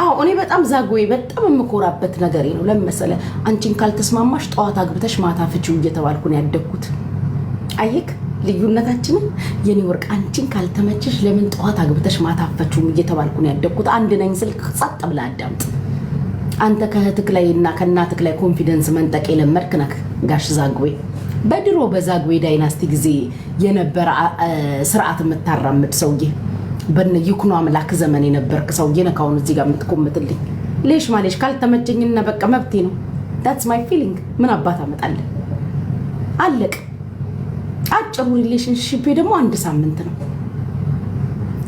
አዎ እኔ በጣም ዛጎዬ በጣም የምኮራበት ነገር ነው። ለምን መሰለህ? አንቺን ካልተስማማሽ ጠዋት አግብተሽ ማታ ፍቺው እየተባልኩ ነው ያደግኩት። አየክ ልዩነታችንን። የኔ ወርቅ አንቺን ካልተመቸሽ ለምን ጠዋት አግብተሽ ማታ አፈችውም እየተባልኩ ነው ያደግኩት። አንድ ነኝ ስልክ ጸጥ ብላ አዳምጥ። አንተ ከእህትክ ላይ እና ከእናትክ ላይ ኮንፊደንስ መንጠቅ የለመድክ ነክ ጋሽ ዛጎዬ። በድሮ በዛጎዬ ዳይናስቲ ጊዜ የነበረ ስርዓት የምታራምድ ሰውዬ በነ ይኩኖ አምላክ ዘመን የነበርክ ሰውዬ ነህ። ካሁን እዚህ ጋር የምትቆምትልኝ ሌሽ ማሌሽ ካልተመቸኝና በቃ መብቴ ነው። ዳትስ ማይ ፊሊንግ ምን አባት አመጣለን። አለቅ አጭሩ ሪሌሽንሽፔ ደግሞ አንድ ሳምንት ነው።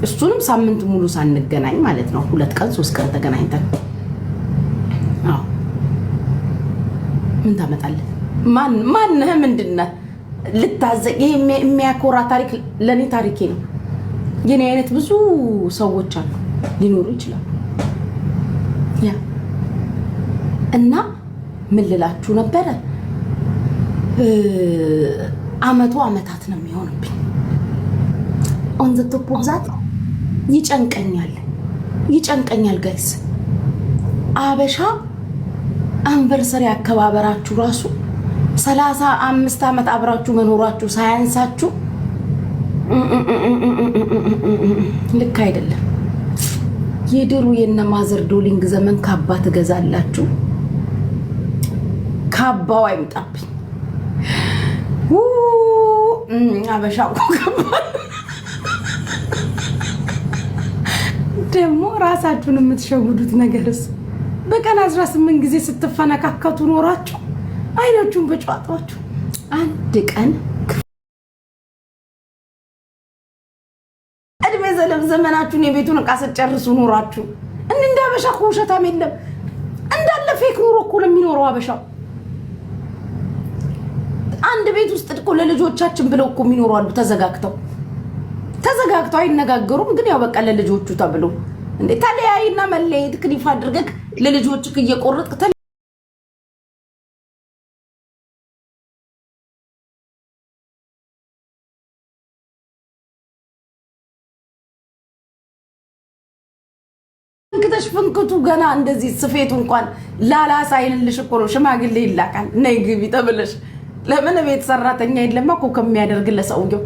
እሱንም ሳምንት ሙሉ ሳንገናኝ ማለት ነው። ሁለት ቀን ሶስት ቀን ተገናኝተን ምን ታመጣለ ማን ማንህ ምንድነህ? ልታዘ የሚያኮራ ታሪክ ለእኔ ታሪኬ ነው። የኔ አይነት ብዙ ሰዎች አሉ ሊኖሩ ይችላሉ። ያ እና ምን ልላችሁ ነበረ አመቱ አመታት ነው የሚሆንብኝ። ኦንዘቶፖ ብዛት ይጨንቀኛል ይጨንቀኛል። ጋይስ አበሻ አንቨርሰሪ አከባበራችሁ ራሱ ሰላሳ አምስት ዓመት አብራችሁ መኖራችሁ ሳያንሳችሁ ልክ አይደለም። የድሮ የነማዘር ዶሊንግ ዘመን ካባ ትገዛላችሁ። ካባው አይምጣብኝ። አበሻ ደግሞ ራሳችሁን የምትሸውዱት ነገር በቀን 18 ጊዜ ስትፈነካከቱ ኖራችሁ አይናችሁን በጨዋታችሁ አንድ ቀን ዘመናችሁን የቤቱን እቃ ስጨርሱ ኖራችሁ እንደ አበሻ እኮ ውሸታም የለም እንዳለ ፌክ ኑሮ እኮ ለሚኖረው አበሻው። አንድ ቤት ውስጥ እኮ ለልጆቻችን ብለው እኮ የሚኖሩ አሉ። ተዘጋግተው ተዘጋግተው አይነጋገሩም፣ ግን ያው በቃ ለልጆቹ ተብሎ እንዴ ተለያይና መለየት ክሊፍ አድርገህ ለልጆችህ እየቆረጥክ እንክተሽ ፍንክቱ ገና እንደዚህ ስፌቱ እንኳን ላላሳይልልሽ እኮ ነው። ሽማግሌ ይላካል፣ ነይ ግቢ ተብለሽ። ለምን ቤት ሰራተኛ የለማ እኮ ከሚያደርግለት ሰውየው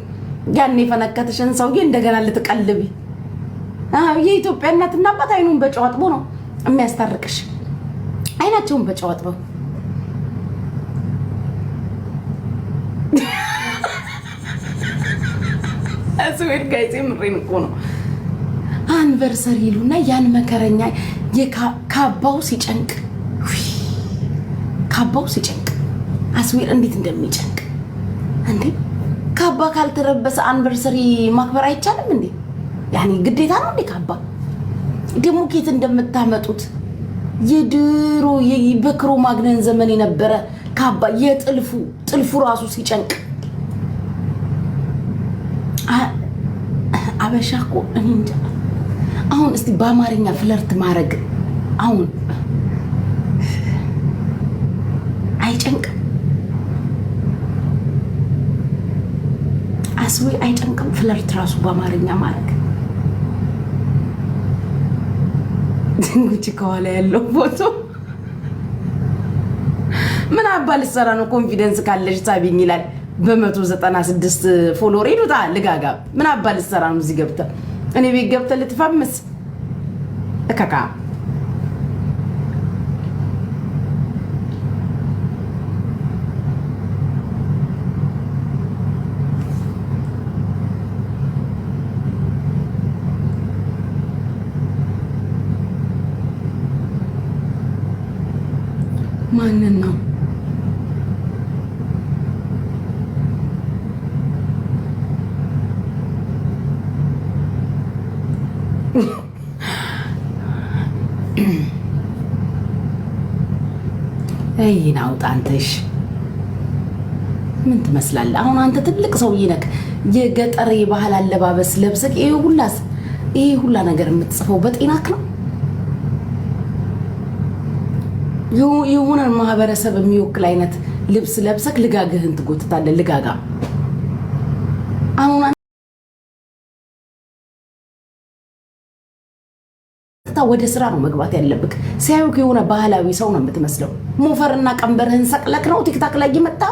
ያን የፈነከትሽን ሰውዬ እንደገና ልትቀልቢ። የኢትዮጵያ እናትና አባት አይኑን በጨዋጥቦ ነው የሚያስታርቅሽ። አይናቸውን በጨው ስዌድ ጋይዜ ምሬን እኮ ነው አንቨርሰሪ ይሉና ያን መከረኛ ካባው ሲጨንቅ ካባው ሲጨንቅ አስዌር እንዴት እንደሚጨንቅ እንዴ! ካባ ካልተለበሰ አንቨርሰሪ ማክበር አይቻልም እንዴ? ያኔ ግዴታ ነው እንዴ? ካባ ደግሞ ኬት እንደምታመጡት የድሮ በክሮ ማግነን ዘመን የነበረ ካባ የጥልፉ ጥልፉ ራሱ ሲጨንቅ አበሻ እኮ እኔ እንጃ አሁን እስቲ በአማርኛ ፍለርት ማድረግ አሁን አይጨንቅም? አስዌ አይጨንቅም? ፍለርት ራሱ በአማርኛ ማድረግ ድንጉች ከኋላ ያለው ፎቶ ምን አባ ልትሰራ ነው? ኮንፊደንስ ካለሽ ሳቢኝ ይላል። በመቶ ዘጠና ስድስት ፎሎሬ ልጋጋ ምን አባ ልትሰራ ነው እዚህ ገብተህ እኔ ቤት ገብተህ ልትፈምስ እከካ ማንን ነው? ይህን አውጣ አንተሽ ምን ትመስላለህ? አሁን አንተ ትልቅ ሰውዬ ነህ። የገጠር የባህል አለባበስ ለብሰህ ይሄ ሁላ ይሄ ሁላ ነገር የምትጽፈው በጤናክ ነው? የሆነ ማህበረሰብ የሚወክል አይነት ልብስ ለብሰህ ልጋግህን ትጎትታለህ። ልጋጋ ቀጥታ ወደ ስራ ነው መግባት ያለብክ። ሲያዩክ የሆነ ባህላዊ ሰው ነው የምትመስለው። ሞፈርና ቀንበርህን ሰቅለክ ነው ቲክታክ ላይ የመጣ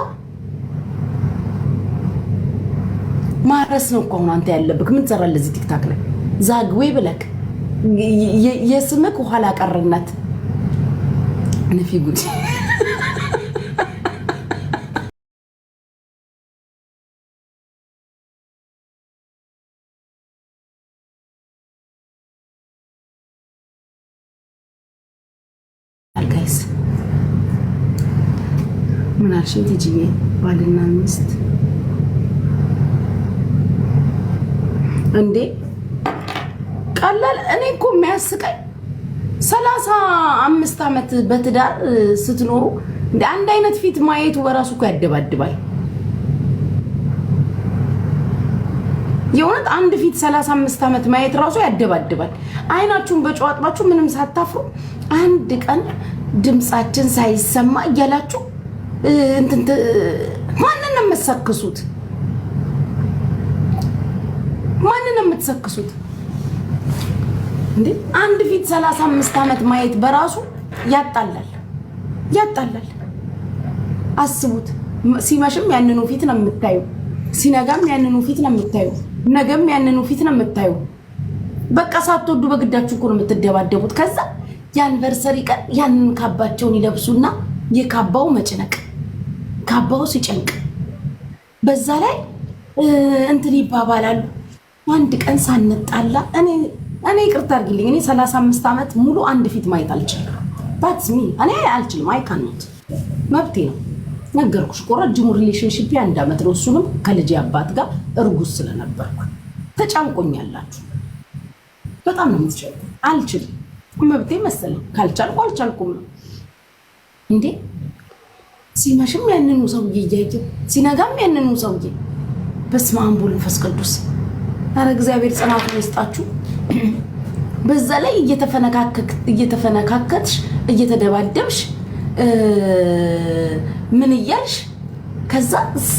ማረስ ነው እኮ አሁን አንተ ያለብክ። ምን ትሰራ ለዚህ ቲክታክ ላይ ዛግዌ ብለክ የስምክ ኋላ ቀርነት ነፊ ምን አልሽኝ ትጅዬ? ባልና ሚስት እንዴ ቀላል። እኔ እኮ የሚያስቀኝ ሰላሳ አምስት ዓመት በትዳር ስትኖሩ እንደ አንድ አይነት ፊት ማየቱ በራሱ እኮ ያደባድባል። የእውነት አንድ ፊት 35 ዓመት ማየት ራሱ ያደባድባል። አይናችሁን በጨዋጥባችሁ ምንም ሳታፍሩ አንድ ቀን ድምፃችን ሳይሰማ እያላችሁ ማንን ነው የምትሰክሱት? ማንን ነው የምትሰክሱት? እንዴ አንድ ፊት ሰላሳ አምስት ዓመት ማየት በራሱ ያጣላል ያጣላል። አስቡት። ሲመሽም ያንኑ ፊት ነው የምታዩ፣ ሲነጋም ያንኑ ፊት ነው የምታዩ፣ ነገም ያንኑ ፊት ነው የምታዩ። በቃ ሳትወዱ በግዳችሁ እኮ ነው የምትደባደቡት። ከዛ የአንቨርሰሪ ቀን ያንን ካባቸውን ይለብሱና የካባው መጭነቅ ካባው ሲጨንቅ በዛ ላይ እንትን ይባባላሉ። አንድ ቀን ሳንጣላ እኔ ይቅርታ አድርግልኝ፣ እኔ ሰላሳ አምስት ዓመት ሙሉ አንድ ፊት ማየት አልችልም። ባትሚ እኔ አልችልም። አይ ካኖት መብቴ ነው። ነገርኩሽ እኮ ረጅሙ ሪሌሽንሽፕ አንድ ዓመት ነው። እሱንም ከልጅ አባት ጋር እርጉዝ ስለነበርኩ ተጫንቆኛላችሁ። በጣም ነው የምትጨንቁ። አልችልም፣ መብቴ መሰለኝ። ካልቻልኩ አልቻልኩም ነው እንዴ ሲመሽም ያንኑ ሰውዬ እያየ ሲነጋም ያንኑ ሰውዬ። በስመ አብ ወወልድ ወመንፈስ ቅዱስ። ረ እግዚአብሔር ጽናቱን ይስጣችሁ። በዛ ላይ እየተፈነካከትሽ እየተደባደብሽ ምን እያልሽ ከዛ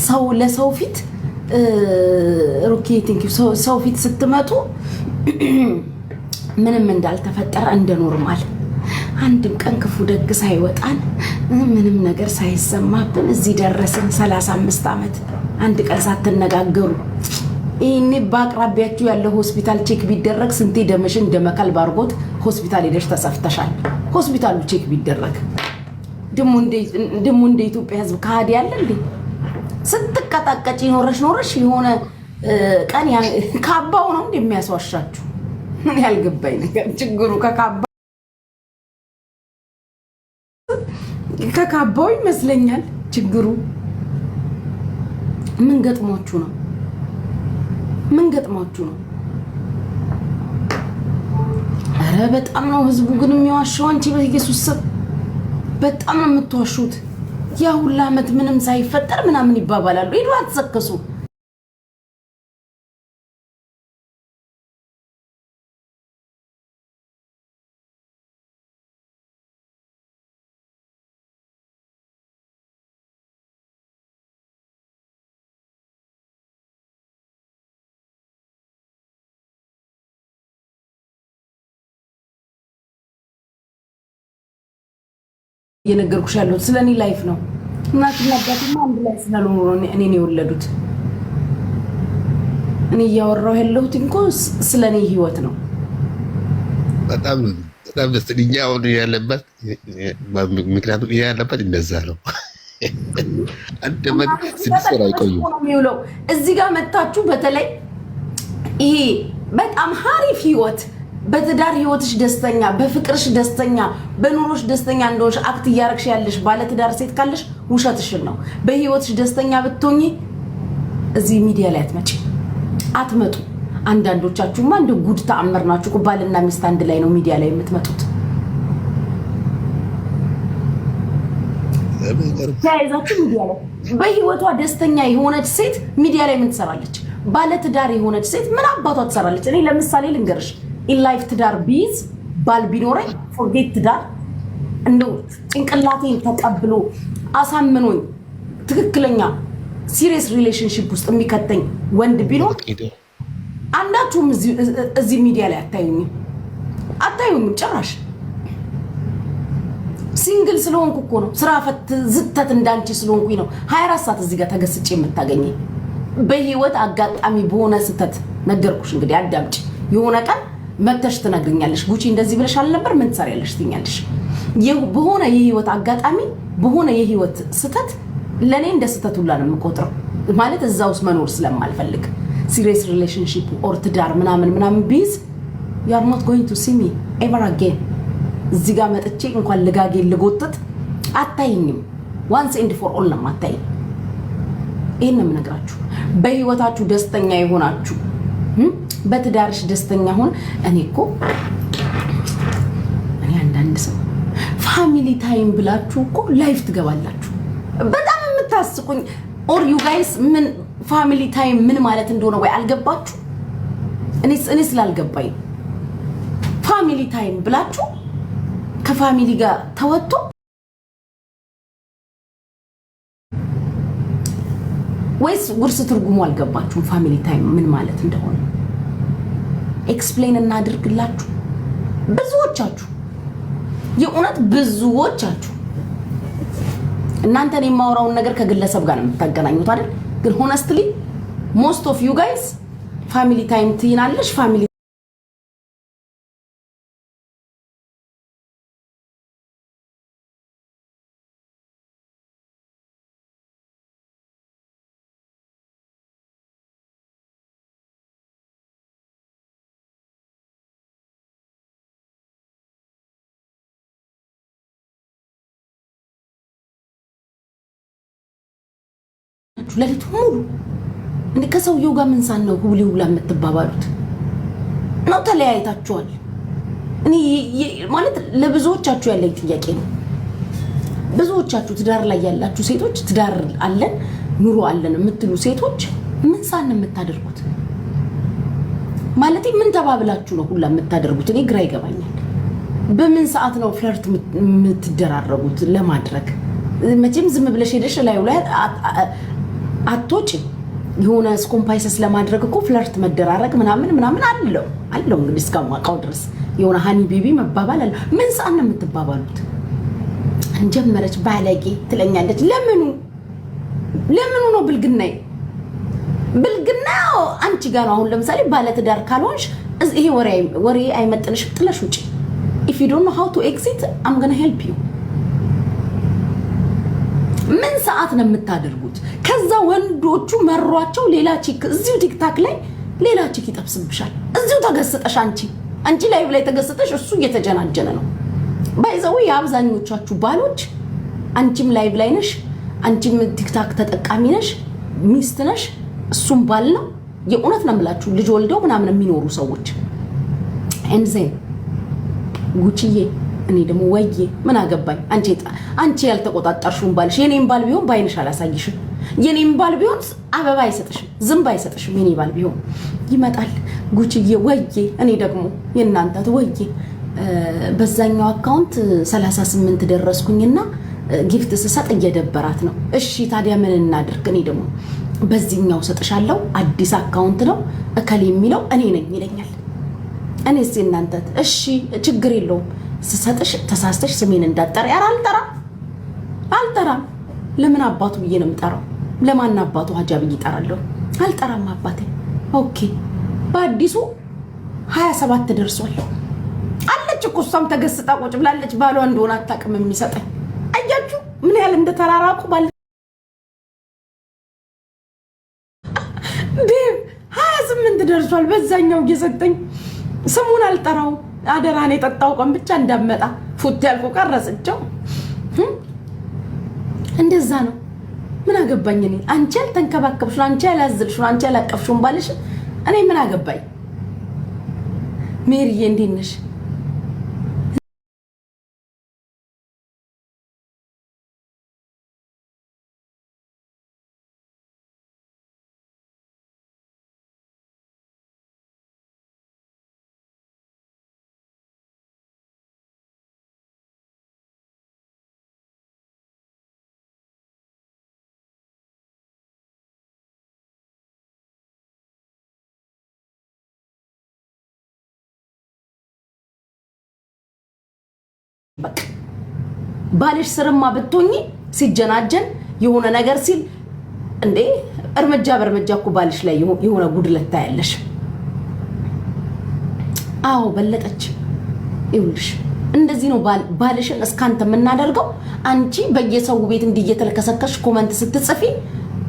ሰው ለሰው ፊት ሩኬ ሰው ፊት ስትመጡ ምንም እንዳልተፈጠረ እንደ ኖርማል አንድም ቀን ክፉ ደግ ሳይወጣን ምንም ነገር ሳይሰማብን እዚህ ደረስን። ሰላሳ አምስት ዓመት አንድ ቀን ሳትነጋገሩ ይህኔ በአቅራቢያችሁ ያለው ሆስፒታል ቼክ ቢደረግ ስንቴ ደመሽን ደመካል ባርጎት ሆስፒታል ሄደሽ ተሰፍተሻል። ሆስፒታሉ ቼክ ቢደረግ ድሞ እንደ ኢትዮጵያ ሕዝብ ከሃዲ ያለ እንዴ ስትቀጣቀጭ ኖረሽ ኖረሽ የሆነ ቀን ካባው ነው እንደሚያስዋሻችሁ ምን ያልገባኝ ነገር ችግሩ ከካባ ተካባው ይመስለኛል። ችግሩ ምን ገጥሟችሁ ነው? ምን ገጥሟችሁ ነው? ኧረ በጣም ነው ህዝቡ ግን የሚዋሸው። አንቺ በኢየሱስ ስም በጣም ነው የምትዋሹት። ያ ሁላ አመት ምንም ሳይፈጠር ምናምን ይባባላሉ። ይሉ አትዘከሱ። እየነገርኩሽ ያለሁት ስለ እኔ ላይፍ ነው። እናትና አባትማ አንድ ላይ ስላልሆኑ ነው እኔን የወለዱት። እኔ እያወራሁ ያለሁት እንኳ ስለ እኔ ህይወት ነው። በጣም በጣም ደስ ልኛ አሁን ያለበት ምክንያቱም ይሄ ያለበት እንደዛ ነው። አንደበት ስድስት ወር አይቆዩም የሚውለው እዚህ ጋር መታችሁ። በተለይ ይሄ በጣም ሀሪፍ ህይወት በትዳር ህይወትሽ ደስተኛ፣ በፍቅርሽ ደስተኛ፣ በኑሮሽ ደስተኛ እንደሆንሽ አክት እያረግሽ ያለሽ ባለትዳር ሴት ካለሽ ውሸትሽን ነው። በህይወትሽ ደስተኛ ብትሆኚ እዚህ ሚዲያ ላይ አትመጪ አትመጡ። አንዳንዶቻችሁማ እንደ ጉድ ተአምር ናችሁ። ባልና ሚስት አንድ ላይ ነው ሚዲያ ላይ የምትመጡት። ተያይዛችሁ ሚዲያ ላይ በህይወቷ ደስተኛ የሆነች ሴት ሚዲያ ላይ ምን ትሰራለች? ባለትዳር የሆነች ሴት ምን አባቷ ትሰራለች? እኔ ለምሳሌ ልንገርሽ ኢንላይፍ ትዳር ቢይዝ ባል ቢኖረኝ ፎርጌት ትዳር እንደው ጭንቅላቴን ተቀብሎ አሳምኖኝ ትክክለኛ ሲሪየስ ሪሌሽንሽፕ ውስጥ የሚከተኝ ወንድ ቢኖር አንዳችሁም እዚህ ሚዲያ ላይ አታዩኝም አታዩኝም። ጭራሽ ሲንግል ስለሆንኩ እኮ ነው። ስራ ፈት ዝተት እንዳንቺ ስለሆንኩኝ ነው 24 ሰዓት እዚህ ጋር ተገስጬ የምታገኘኝ። በህይወት አጋጣሚ በሆነ ስተት ነገርኩሽ። እንግዲህ አዳምጪ። የሆነ ቀን መተሽ ትነግርኛለሽ። ጉቺ እንደዚህ ብለሽ አልነበር ምን ትሰሪያለሽ ትኛለሽ። በሆነ የህይወት አጋጣሚ በሆነ የህይወት ስተት ለእኔ እንደ ስተት ሁላ ነው የምቆጥረው። ማለት እዛ ውስጥ መኖር ስለማልፈልግ ሲሪየስ ሪሌሽንሽፕ ኦር ትዳር ምናምን ምናምን ቢይዝ ዩአር ኖት ጎይንግ ቱ ሲ ሚ ኤቨር አጌን። እዚህ ጋር መጥቼ እንኳን ልጋጌ ልጎጥጥ አታይኝም። ዋንስ ኤንድ ፎር ኦል ነው አታይኝ። ይህን ነው የምነግራችሁ። በህይወታችሁ ደስተኛ የሆናችሁ በትዳርሽ ደስተኛ ሁን። እኔ እኮ እኔ አንዳንድ ሰው ፋሚሊ ታይም ብላችሁ እኮ ላይፍ ትገባላችሁ። በጣም የምታስቁኝ ኦር ዩ ጋይስ ምን ፋሚሊ ታይም ምን ማለት እንደሆነ ወይ አልገባችሁ? እኔ ስላልገባኝ ፋሚሊ ታይም ብላችሁ ከፋሚሊ ጋር ተወጥቶ ወይስ ውርስ ትርጉሙ አልገባችሁም? ፋሚሊ ታይም ምን ማለት እንደሆነ ኤክስፕሌን እናድርግላችሁ። ብዙዎቻችሁ የእውነት ብዙዎቻችሁ እናንተን የማወራውን ነገር ከግለሰብ ጋር ነው የምታገናኙት አይደል? ግን ሆነስትሊ ሞስት ኦፍ ዩ ጋይስ ፋሚሊ ታይም ትይናለሽ፣ ፋሚሊ ናችሁ ለሊቱ ሙሉ እንዴ? ከሰውየው ጋር ምን ሳን ነው ሁሌ ሁላ የምትባባሉት ነው? ተለያይታችኋል? እኔ ማለት ለብዙዎቻችሁ ያለኝ ጥያቄ ነው። ብዙዎቻችሁ ትዳር ላይ ያላችሁ ሴቶች ትዳር አለን ኑሮ አለን የምትሉ ሴቶች ምን ሳን የምታደርጉት ማለት ምን ተባብላችሁ ነው ሁላ የምታደርጉት? እኔ ግራ ይገባኛል። በምን ሰዓት ነው ፍለርት የምትደራረጉት ለማድረግ? መቼም ዝም ብለሽ ሄደሽ ላዩ ላይ አቶች የሆነ ስኮምፓይሰስ ለማድረግ እኮ ፍለርት መደራረግ ምናምን ምናምን አለው አለው። እንግዲህ እስከማውቀው ድረስ የሆነ ሀኒ ቤቢ መባባል አለ። ምን ሰዓት ነው የምትባባሉት? እንጀመረች ባለጌ ትለኛለች። ለምኑ ለምኑ ነው ብልግና ብልግና አንቺ ጋር ነው። አሁን ለምሳሌ ባለትዳር ካልሆንሽ ይሄ ወሬ አይመጥንሽም፣ ጥለሽ ውጪ። ኢፍ ዩ ዶንት ኖ ሃው ቱ ኤግዚት አም ገና ሄልፕ ዩ ምን ሰዓት ነው የምታደርጉት? ከዛ ወንዶቹ መሯቸው። ሌላ ቺክ እዚሁ ቲክታክ ላይ ሌላ ቺክ ይጠብስብሻል። እዚሁ ተገስጠሽ አንቺ አንቺ ላይ ላይ ተገስጠሽ እሱ እየተጀናጀነ ነው። ባይዘው የአብዛኞቻችሁ ባሎች አንቺም ላይቭ ላይ ነሽ፣ አንቺም ቲክታክ ተጠቃሚ ነሽ፣ ሚስት ነሽ፣ እሱም ባል ነው። የእውነት ነው የምላችሁ ልጅ ወልደው ምናምን የሚኖሩ ሰዎች ኤንዜን ጉቺዬ እኔ ደግሞ ወይ ምን አገባኝ አንቺ አንቺ ያልተቆጣጠርሽውን ባልሽ የኔም ባል ቢሆን በአይንሽ አላሳይሽም። የኔም ባል ቢሆን አበባ አይሰጥሽም፣ ዝንብ አይሰጥሽም። የኔ ባል ቢሆን ይመጣል ጉችዬ ወይ እኔ ደግሞ የእናንተት ወይዬ በዛኛው አካውንት 38 ደረስኩኝና ጊፍት ስሰጥ እየደበራት ነው። እሺ ታዲያ ምን እናድርግ? እኔ ደግሞ በዚህኛው ሰጥሻለሁ አዲስ አካውንት ነው እከሌ የሚለው እኔ ነኝ ይለኛል። እኔ ስ እናንተ እሺ ችግር የለውም ስሰጥሽ ተሳስተሽ ስሜን እንዳጠራ ያር አልጠራም አልጠራም። ለምን አባቱ ብዬ ነው የምጠራው? ለማን አባቱ ሀጃ ብዬ እጠራለሁ? አልጠራም አባቴ። ኦኬ በአዲሱ ሀያ ሰባት ደርሷል አለች እኮ እሷም ተገስጣ ቁጭ ብላለች። ባሏ እንደሆነ አታውቅም የሚሰጠኝ። አያችሁ ምን ያህል እንደተራራቁ ባለ ሀያ ስምንት ደርሷል በዛኛው እየሰጠኝ ስሙን አልጠራው አደራን የጠጣው ቀን ብቻ እንዳመጣ ፉት ያልኩ ቀረጽቸው። እንደዛ ነው። ምን አገባኝ እኔ አንቺ ያልተንከባከብሽን አንቺ ያላዝልሽን አንቺ ያላቀፍሽን ባልሽን እኔ ምን አገባኝ ሜሪዬ እንዴት ነሽ? በቃ ባልሽ ስርማ ብትሆኚ ሲጀናጀን የሆነ ነገር ሲል እንዴ እርምጃ በእርምጃ እኮ ባልሽ ላይ የሆነ ጉድለት ታያለሽ። አዎ በለጠች፣ ይኸውልሽ እንደዚህ ነው ባልሽን እስካንተ የምናደርገው። አንቺ በየሰው ቤት እንዲህ እየተለከሰከሽ ኮመንት ስትጽፊ፣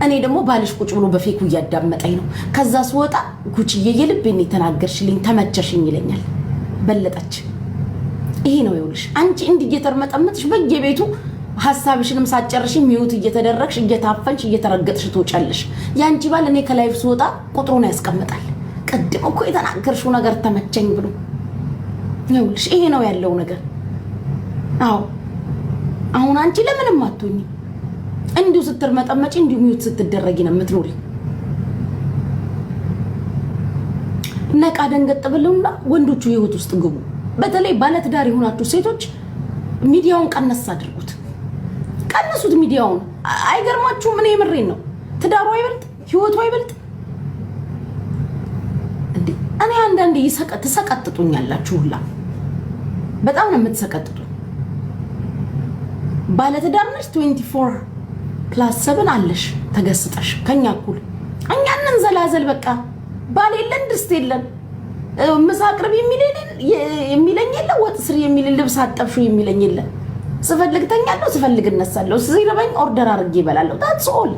እኔ ደግሞ ባልሽ ቁጭ ብሎ በፌኩ እያዳመጠኝ ነው። ከዛ ስወጣ ጉቺዬ የልቤን የተናገርሽልኝ ተመቸሽኝ ይለኛል። በለጠች ይሄ ነው ይኸውልሽ። አንቺ እንድ እየተርመጠመጥሽ በየቤቱ ሀሳብሽንም ሳጨርሽ ሚውት እየተደረግሽ እየታፈንሽ እየተረገጥሽ ትወጫለሽ። የአንቺ ባል እኔ ከላይፍ ስወጣ ቁጥሩን ያስቀምጣል። ቅድም እኮ የተናገርሽው ነገር ተመቸኝ ብሎ ይኸውልሽ፣ ይሄ ነው ያለው ነገር። አዎ አሁን አንቺ ለምንም አትሆኝም። እንዲሁ ስትርመጠመጪ እንዲሁ ሚውት ስትደረጊ ነው የምትኖሪ። ነቃ ደንገጥ ብለውና ወንዶቹ ህይወት ውስጥ ግቡ። በተለይ ባለትዳር የሆናችሁ ሴቶች ሚዲያውን ቀነስ አድርጉት፣ ቀነሱት ሚዲያውን። አይገርማችሁም? እኔ የምሬን ነው። ትዳሩ አይበልጥ፣ ህይወቱ አይበልጥ። እኔ አንዳንዴ ትሰቀጥጡኛላችሁ ሁላ በጣም ነው የምትሰቀጥጡ። ባለትዳር ነች፣ 24 ፕላስ አለሽ ተገስጠሽ ከኛ እኩል። እኛ ዘላዘል በቃ ባል የለን ድስት የለን ምሳ አቅርብ የሚለኝ የለ፣ ወጥ ስሪ የሚል ልብስ አጠብሹ የሚለኝ የለ። ስፈልግ ተኛለሁ፣ ስፈልግ እነሳለሁ፣ ሲረበኝ ኦርደር አድርጌ ይበላለሁ። ታትስ ኦል።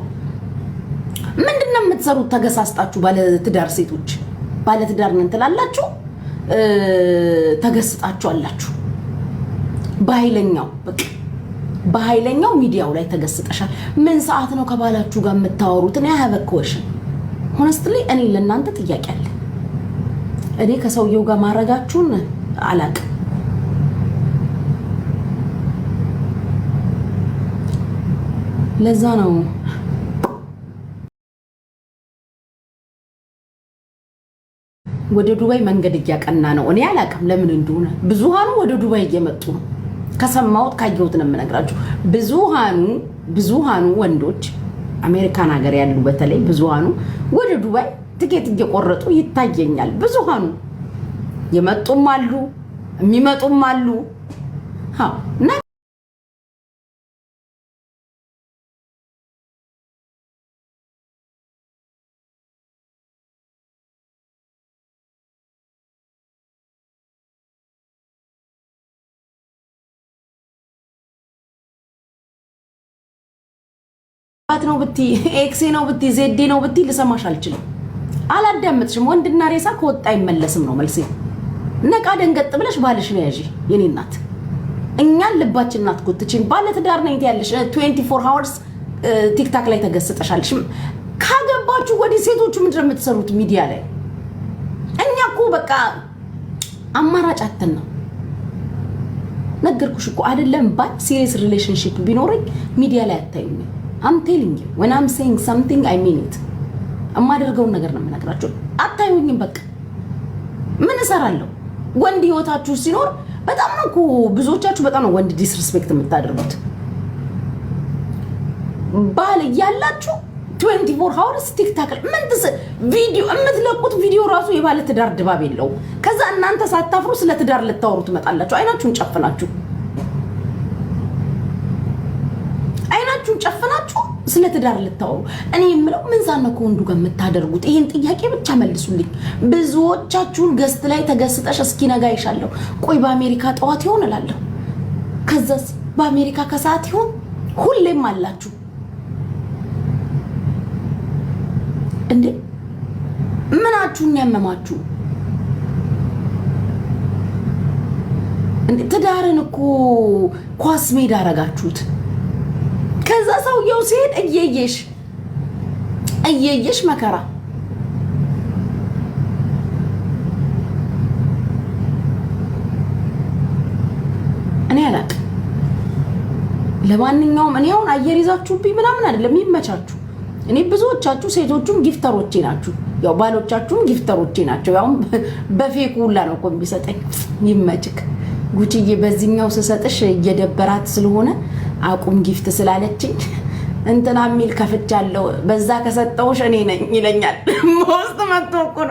ምንድነው የምትሰሩት ተገሳስጣችሁ? ባለትዳር ሴቶች ባለትዳር ነን ትላላችሁ፣ ተገስጣችሁ አላችሁ። በኃይለኛው በቃ በኃይለኛው ሚዲያው ላይ ተገስጠሻል። ምን ሰዓት ነው ከባላችሁ ጋር የምታወሩት? እኔ ሀበክ ወሽን ሆነስትሊ እኔ ለእናንተ ጥያቄ አለ እኔ ከሰውየው ጋር ማድረጋችሁን አላቅም። ለዛ ነው ወደ ዱባይ መንገድ እያቀና ነው። እኔ አላቅም ለምን እንደሆነ። ብዙሃኑ ወደ ዱባይ እየመጡ ነው። ከሰማሁት ካየሁት ነው የምነግራችሁ። ብዙሃኑ ብዙሃኑ ወንዶች አሜሪካን ሀገር ያሉ በተለይ ብዙሃኑ ወደ ዱባይ ትኬት እየቆረጡ ይታየኛል። ብዙሃኑ የመጡም አሉ የሚመጡም አሉ እና ነው ብቲ ኤክሴ ነው ብቲ ዜዴ ነው ብቲ ልሰማሽ አልችልም። አላዳመጥሽም። ወንድና ሬሳ ከወጣ አይመለስም ነው መልሴ። ነቃ ደንገጥ ብለሽ ባልሽ ነው ያዢ። የኔ እናት እኛን ልባችን ናት ኮትችን ባለ ትዳር ናይት ያለሽ 24 ሃወርስ ቲክታክ ላይ ተገስጠሻል። ካገባችሁ ወዲህ ሴቶቹ ምንድን የምትሰሩት ሚዲያ ላይ? እኛ እኮ በቃ አማራጭ አተን ነው ነገርኩሽ እኮ አይደለም ባት ሲሪየስ ሪሌሽንሽፕ ቢኖረኝ ሚዲያ ላይ አታይም። አም ቴሊንግ ዩ ዌን አም ሴይንግ ሳምቲንግ አይ ሚን ኢት የማደርገውን ነገር ነው የምነግራቸው። አታዩኝም። በቃ ምን እሰራለሁ? ወንድ ህይወታችሁ ሲኖር በጣም ነው እኮ ብዙዎቻችሁ፣ በጣም ነው ወንድ ዲስሪስፔክት የምታደርጉት። ባል እያላችሁ ትዌንቲ ሀውርስ ቲክታክ ቪዲዮ የምትለቁት ቪዲዮ ራሱ የባለ ትዳር ድባብ የለውም። ከዛ እናንተ ሳታፍሩ ስለ ትዳር ልታወሩ ትመጣላችሁ አይናችሁን ጨፍናችሁ ስለ ትዳር ልታወሩ። እኔ የምለው ምን ዛነ ከወንዱ ጋር የምታደርጉት? ይህን ጥያቄ ብቻ መልሱልኝ። ብዙዎቻችሁን ገስት ላይ ተገስጠሽ ነጋ ይሻለሁ። ቆይ በአሜሪካ ጠዋት ይሆን እላለሁ፣ ከዛስ በአሜሪካ ከሰዓት ይሆን? ሁሌም አላችሁ እንዴ? ምናችሁን ያመማችሁ? ትዳርን እኮ ኳስ ሜዳ አረጋችሁት። ሰውየው ሲሄድ እየየሽ እየየሽ መከራ እኔ አላቅ። ለማንኛውም እኔ አሁን አየር ይዛችሁብኝ ምናምን አይደለም፣ ይመቻችሁ። እኔ ብዙዎቻችሁ ሴቶቹም ጊፍተሮቼ ናችሁ፣ ያው ባሎቻችሁም ጊፍተሮቼ ናቸው። ያውም በፌኩ ሁላ ነው እኮ የሚሰጠኝ። ይመችክ ጉቺዬ፣ በዚህኛው ስሰጥሽ እየደበራት ስለሆነ አቁም ጊፍት ስላለችኝ እንትና የሚል ከፍቻለሁ በዛ ከሰጠውሽ እኔ ነኝ ይለኛል። ሞስት መጥቶ እኮ ነው